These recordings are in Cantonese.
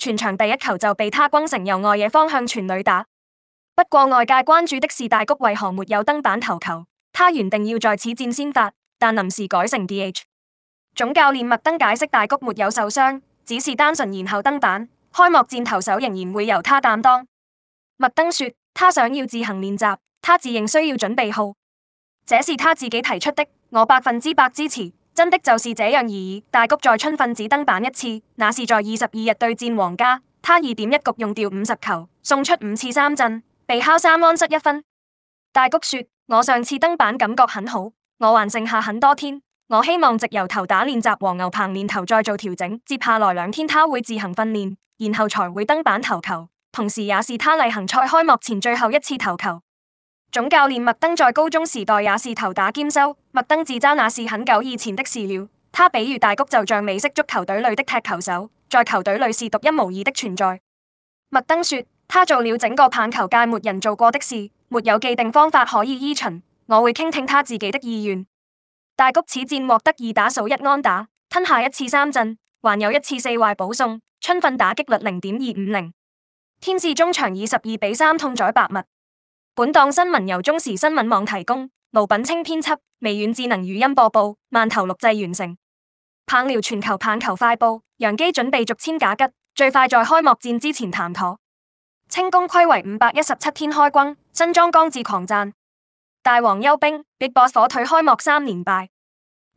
全場第一球就被他轟成右外野方向全壘打。不過外界關注的是大谷為何沒有登板投球，他原定要在此戰先發，但臨時改成 DH。總教練麥登解釋大谷沒有受傷，只是單純延後登板，開幕戰投手仍然會由他擔當。麥登說他想要自行練習，他自認需要準備好，這是他自己提出的，我百分之百支持。真的就是這樣而已。大谷在春訓只登板一次，那是在二十二日對戰皇家，他二點一局用掉五十球，送出五次三振，被敲三安失一分。大谷說：我上次登板感覺很好，我還剩下很多天，我希望藉由投打練習和牛棚練投再做調整。接下來兩天他會自行訓練，然後才會登板投球。同時，也是他例行賽開幕前最後一次投球。總教練麥登在高中時代也是投打兼收。麥登自嘲那是很久以前的事了。他比喻，大谷就像美式足球隊裏的踢球手，在球隊裏是獨一無二的存在。麥登說：他做了整個棒球界沒人做過的事，沒有既定方法可以依循，我會傾聽他自己的意願。大谷此戰獲得二打數、一安打，吞下一次三振，還有一次四壞保送，春訓打擊率零點二五零。天使中場以十二比三痛宰白襪。本檔新聞由中時新聞網提供。盧品清編輯，微軟智能語音播報，慢頭錄製完成。棒聊全球棒球快報，楊基準備續簽賈吉，最快在開幕戰之前談妥。清宮睽違五百一十七天開轟，新莊剛志狂讚大王幽兵，BIG BOSS 火腿開幕三連敗。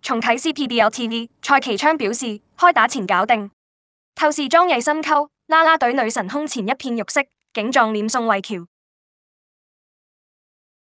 重啓 C P B L T V，蔡其昌表示開打前搞定。透視妝藝深溝，啦啦隊女神胸前一片肉色，竟撞臉宋慧喬。